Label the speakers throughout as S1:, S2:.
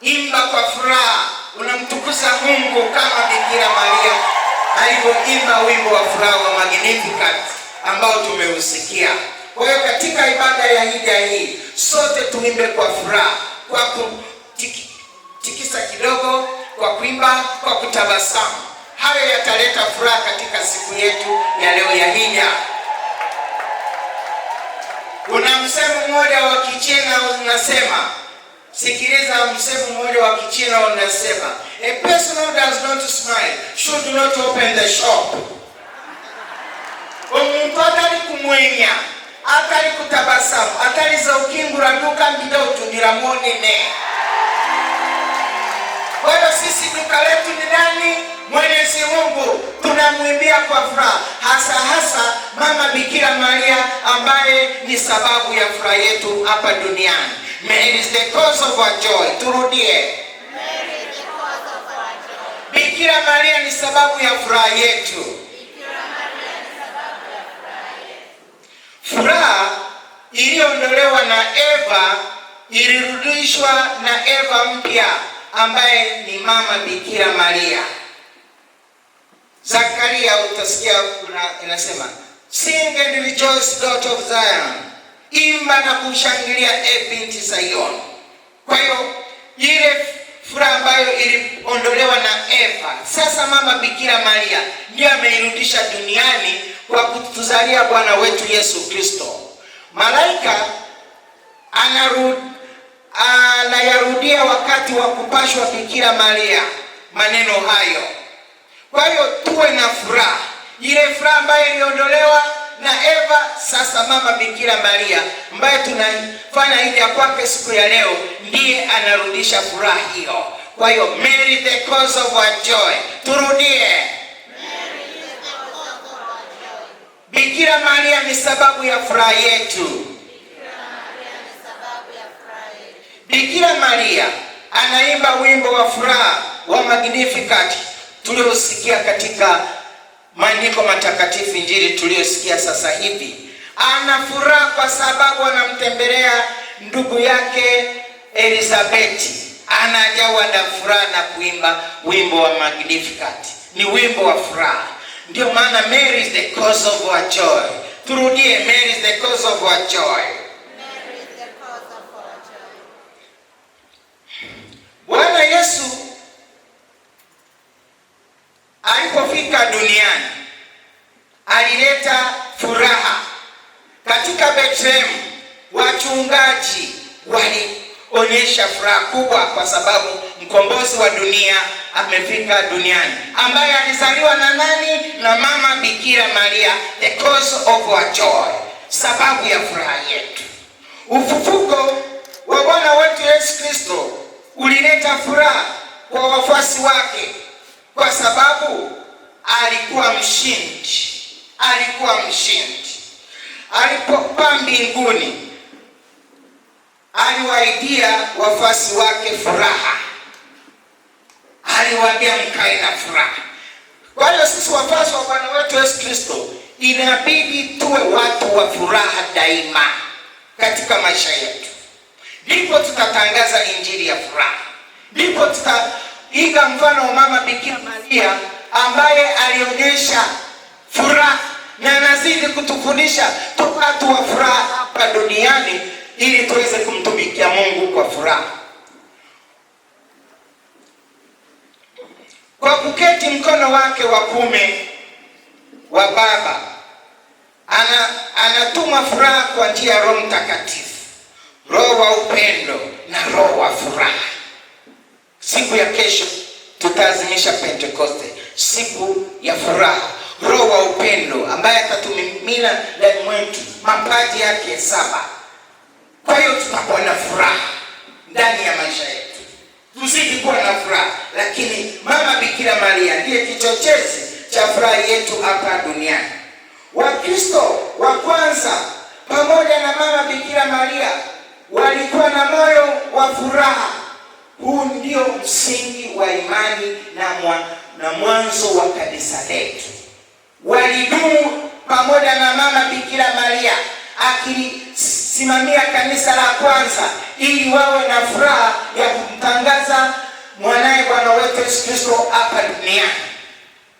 S1: imba kwa furaha, unamtukuza Mungu kama Bikira Maria. Na imba wimbo wa furaha wa Magnificat ambao tumeusikia. Kwa hiyo katika ibada ya hija hii sote tuimbe kwa furaha, kwa kutikisa kidogo, kwa kuimba, kwa kutabasamu. Hayo yataleta furaha katika siku yetu ya leo ya hija. Kuna msemo mmoja wa Kichina unasema Sikiliza msemo mmoja wa Kichina unasema, a person who does not smile should not open the shop. Omuntu atali kumwenya atali kutabasamu za ukingura duka mbida utundira ne. Kwa hiyo sisi duka letu ni nani? Mwenyezi Mungu tunamwimbia kwa furaha, hasa hasa Mama Bikira Maria ambaye ni sababu ya furaha yetu hapa duniani. Mary is the cause of our joy. Turudie. Bikira Maria ni sababu ya furaha yetu. Furaha iliyoondolewa na Eva ilirudishwa na Eva mpya ambaye ni mama Bikira Maria. Zakaria utasikia inasema, Sing and rejoice daughter of Zion imba na kushangilia, e binti Zion. Kwa hiyo ile furaha ambayo iliondolewa na Eva, sasa mama Bikira Maria ndiye ameirudisha duniani kwa kutuzalia Bwana wetu Yesu Kristo. Malaika anayarudia wakati wa kupashwa Bikira Maria maneno hayo. Kwa hiyo tuwe na furaha, ile furaha ambayo iliondolewa na Eva. Sasa mama Bikira Maria ambaye tunafanya hija kwake siku ya leo, ndiye anarudisha furaha hiyo. Kwa hiyo Mary the cause of our joy, turudie Bikira Maria ni sababu ya furaha yetu. Bikira Maria anaimba wimbo wa furaha wa Magnificat tuliosikia katika maandiko matakatifu, injili tuliyosikia sasa hivi. Ana furaha kwa sababu anamtembelea ndugu yake Elizabeti, anajawa na furaha na kuimba wimbo wa Magnificat. Ni wimbo wa furaha, ndio maana Mary is the cause of our joy. Turudie, Mary is the cause of our joy. Bwana Yesu alipofika duniani alileta furaha katika Bethlehem. Wachungaji walionyesha furaha kubwa, kwa sababu mkombozi wa dunia amefika duniani, ambaye alizaliwa na nani? Na mama Bikira Maria, the cause of our joy, sababu ya furaha yetu. Ufufuko wa Bwana wetu Yesu Kristo ulileta furaha kwa wafuasi wake kwa sababu alikuwa mshindi, alikuwa mshindi. Alipokuwa mbinguni, aliwaidia wafuasi wake furaha, aliwaambia mkae na furaha. Kwa hiyo sisi wafuasi wa Bwana wetu Yesu Kristo inabidi tuwe watu wa furaha daima katika maisha yetu, ndipo tutatangaza injili ya furaha, ndipo tuta Iga mfano wa mama Bikira Maria ambaye alionyesha furaha na anazidi kutufundisha tupate wa furaha hapa duniani ili tuweze kumtumikia Mungu kwa furaha. Kwa kuketi mkono wake wa kume wa Baba ana, anatuma furaha kwa njia ya Roho Mtakatifu, roho wa upendo na roho wa furaha. Siku ya kesho tutaazimisha Pentekoste, siku ya furaha, roho wa upendo ambaye atatumimina ndani mwetu mapaji yake saba. Kwa hiyo tutakuwa na furaha ndani ya maisha yetu, tusiji kuwa na furaha. Lakini Mama Bikira Maria ndiye kichochezi cha furaha yetu hapa duniani. Wakristo wa kwanza pamoja na Mama Bikira Maria walikuwa na moyo wa furaha. Huu ndio msingi wa imani na, mwa, na mwanzo wa kanisa letu. Walidumu pamoja na mama Bikira Maria akilisimamia kanisa la kwanza ili wawe na furaha ya kumtangaza mwanaye Bwana wetu Yesu Kristo hapa duniani.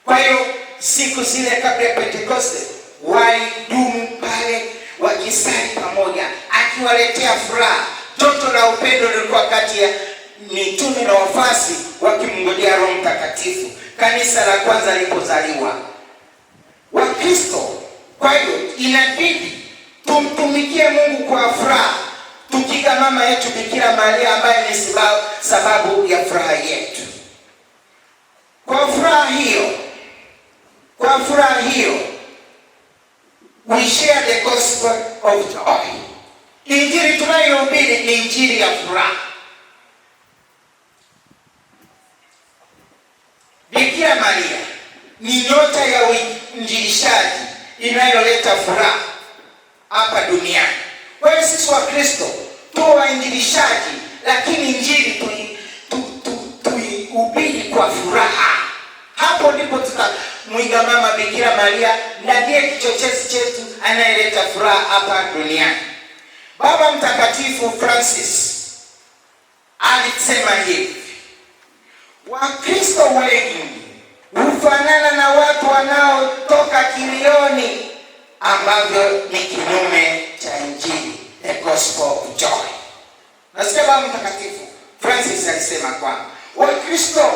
S1: Kwa hiyo siku zile kabla ya Pentekoste walidumu pale wakisali pamoja, akiwaletea furaha. Joto la upendo lilikuwa kati ya mitume na wafasi wakimngojea Roho Mtakatifu. Kanisa la kwanza lilipozaliwa Wakristo. Kwa hiyo inabidi tumtumikie Mungu kwa furaha, tukika mama yetu Bikira Maria ambaye ni sababu ya furaha yetu. Kwa furaha hiyo, kwa furaha hiyo we share the gospel of joy. Injili tunayohubiri ni injili ya furaha. ni nyota ya uinjilishaji inayoleta furaha hapa duniani. Kwa hiyo sisi wa Kristo tu wainjilishaji, lakini injili tuihubiri kwa furaha. Hapo ndipo tutamwiga mama Bikira Maria, ndiye kichochezi chetu anayeleta furaha hapa duniani. Baba Mtakatifu Francis alisema hivi, Wakristo wengi hufanana na watu wanaotoka kilioni ambavyo ni kinyume cha Injili, the gospel of joy. Nasikia Baba Mtakatifu Francis alisema kwamba Wakristo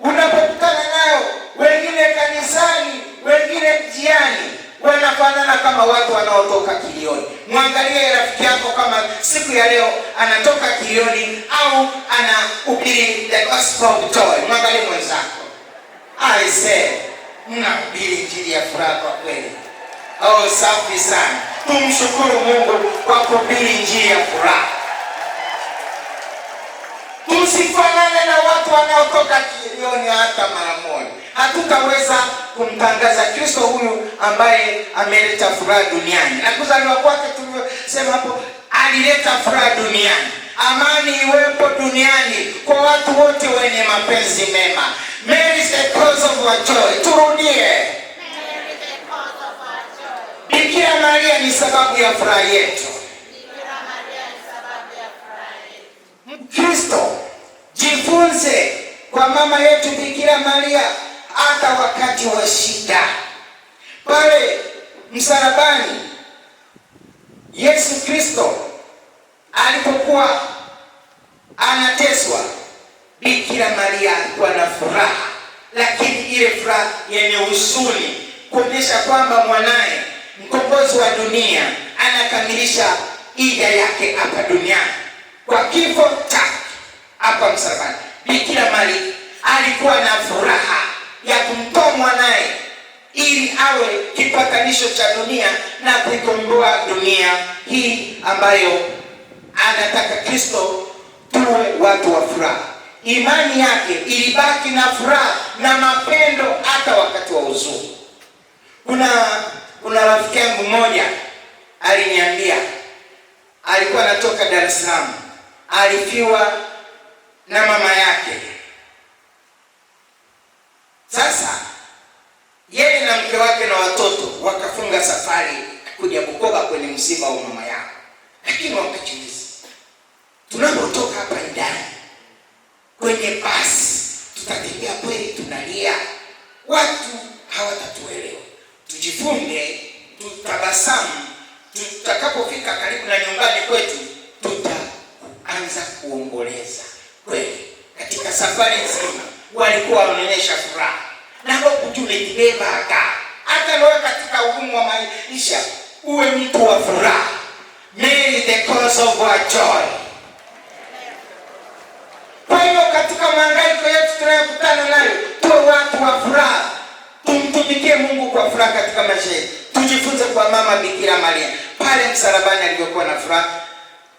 S1: unapokutana nao wengine kanisani, wengine mjiani, wanafanana kama watu wanaotoka kilioni. Mwangalie rafiki yako kama siku ya leo anatoka kilioni au anahubiri the gospel of joy. Mwangalie mwenzako Aise, mnahubiri injili ya furaha kwa kweli. Oh, safi sana. Tumshukuru Mungu kwa kuhubiri injili ya furaha. Tusifanane na watu wanaotoka kilioni hata mara moja. Hatutaweza kumtangaza Kristo huyu ambaye ameleta furaha duniani na kuzaliwa kwake, tulivyosema hapo, alileta furaha duniani. Amani iwepo duniani kwa watu wote wenye mapenzi mema. Mary is the cause of our joy. Turudie. Bikira Maria ni sababu ya furaha yetu. kristo jifunze kwa mama yetu Bikira Maria hata wakati wa shida. Pale msalabani Yesu Kristo alipokuwa anateswa, Bikira Maria alikuwa na furaha ile furaha yenye usuli, kuonyesha kwamba mwanaye mkombozi wa dunia anakamilisha ida yake hapa duniani kwa kifo chake hapa msalabani. Bikira mali alikuwa na furaha ya kumtoa mwanaye ili awe kipatanisho cha dunia na kuikomboa dunia hii ambayo anataka Kristo tuwe watu wa furaha imani yake ilibaki na furaha na mapendo hata wakati wa huzuni. Kuna kuna rafiki yangu mmoja aliniambia, alikuwa anatoka Dar es Salaam, alifiwa na mama yake. Sasa yeye na mke wake na watoto wakafunga safari kuja Bukoba kwenye msiba wa mama yao, lakini wakachiuliza, tunapotoka hapa ndani kwenye basi, tutatembea kweli, tunalia, watu hawatatuelewa. Tujifunge, tutabasamu. Tutakapofika karibu na nyumbani kwetu, tutaanza kuomboleza kweli. Katika safari nzima walikuwa wanaonyesha furaha na nakokutulejibebaga hata nawe katika ugumu wa maisha uwe mtu wa furaha. Mary the cause of our joy kwa hiyo katika mahangaiko yetu tunayokutana nayo, tuwe watu wa furaha, tumtumikie Mungu kwa furaha katika maisha yetu. Tujifunze kwa mama Bikira Maria pale msalabani alivyokuwa na furaha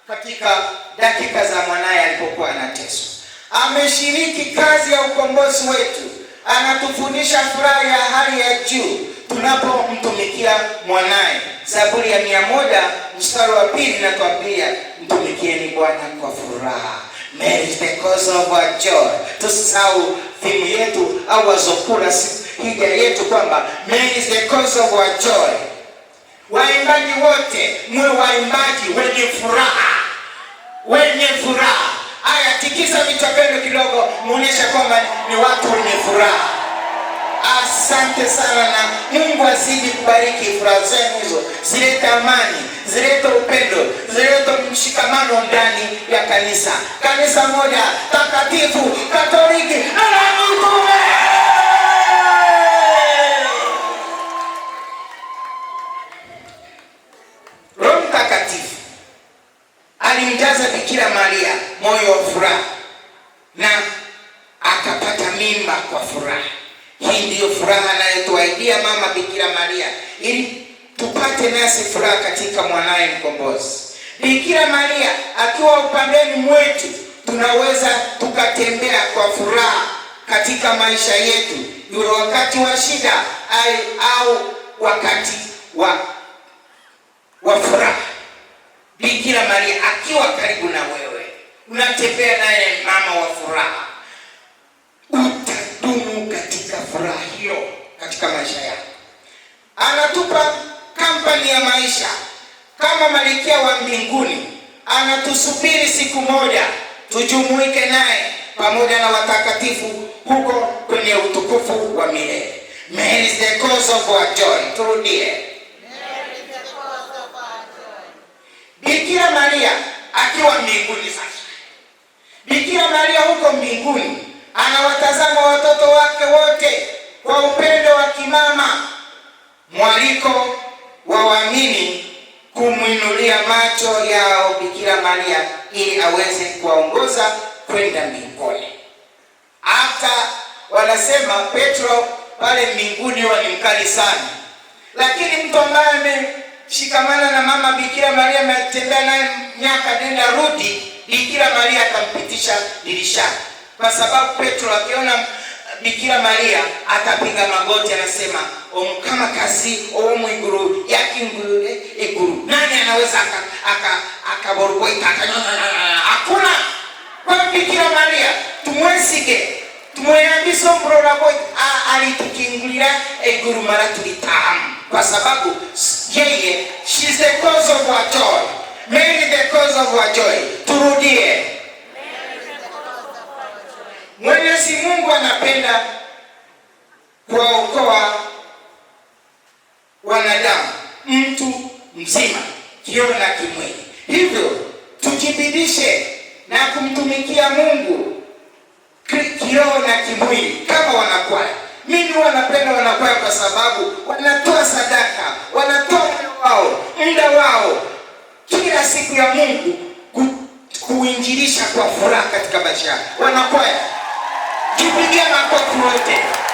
S1: katika dakika za mwanaye alipokuwa anateswa. Ameshiriki kazi ya ukombozi wetu, anatufundisha furaha ya hali ya juu tunapomtumikia mwanaye. Zaburi ya mia moja mstari wa pili natuambia mtumikieni Bwana kwa furaha. Mary is the of our joy. Tusisahau thimu yetu au wazo kuu la hija yetu kwamba Mary is the cause of our joy. Waimbaji wote mwe waimbaji wenye furaha, wenye furaha. Aya, tikisa vichwa vyenu kidogo, muonyesha kwamba ni watu wenye furaha. Asante sana, na Mungu azidi kubariki furaha zenu hizo, zilete amani, zilete upendo, zilete mshikamano ndani ya kanisa, kanisa moja takatifu Katoliki alangukume Roho Mtakatifu alimjaza Bikira Maria moyo wa furaha kumlilia mama Bikira Maria ili tupate nasi furaha katika mwanaye mkombozi. Bikira Maria akiwa upandeni mwetu, tunaweza tukatembea kwa furaha katika maisha yetu, yule wakati wa shida au wakati wa, wa furaha. Bikira Maria akiwa karibu na wewe, unatembea naye mama wa furaha, utadumu katika furaha hiyo katika maisha yako. Anatupa kampani ya maisha kama malikia wa mbinguni, anatusubiri siku moja tujumuike naye pamoja na watakatifu huko kwenye utukufu wa milele. Mary is the cause of our joy. Turudie. Bikira Maria akiwa mbinguni sasa. Bikira Maria huko mbinguni anawatazama watoto wake wote kwa upendo wa kimama, mwaliko wa waamini kumwinulia macho yao Bikira Maria ili aweze kuwaongoza kwenda mbinguni. Hata wanasema Petro pale mbinguni walimkali mkali sana, lakini mtu ambaye ameshikamana na mama Bikira Maria ametembea naye miaka nenda rudi, Bikira Maria akampitisha dirisha, kwa sababu Petro akiona Bikira Maria akapiga magoti, anasema omukama kasi owo mwiguru yakingulule iguru. Nani anaweza akaborgoika aka, hakuna. Kwa Bikira Maria tumwesige tumweyambiza omulolabo alitukingulira iguru mara tulitahamu, kwa sababu yeye she is the cause of our joy. Mary the cause of our joy. Turudie Mwenyezi Mungu anapenda kuwaokoa wanadamu, mtu mzima, kioo na kimwili. Hivyo tujibidishe na kumtumikia Mungu kioo na kimwili kama wanakwaya. Mimi wanapenda wanakwaya kwa sababu wanatoa sadaka, wanatoa muda wao, muda wao kila siku ya Mungu kuinjilisha kwa furaha katika maisha yao wanakwaya Jipigie makofi wote.